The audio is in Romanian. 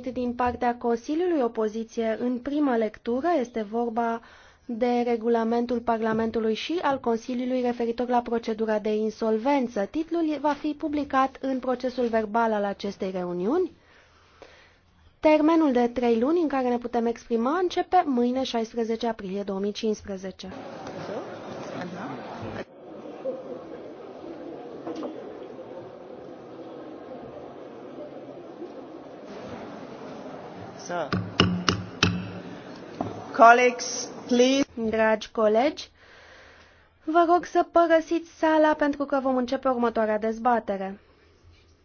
primit din partea Consiliului Opoziție în primă lectură. Este vorba de regulamentul Parlamentului și al Consiliului referitor la procedura de insolvență. Titlul va fi publicat în procesul verbal al acestei reuniuni. Termenul de trei luni în care ne putem exprima începe mâine 16 aprilie 2015. please. Dragi colegi, vă rog să părăsiți sala pentru că vom începe următoarea dezbatere.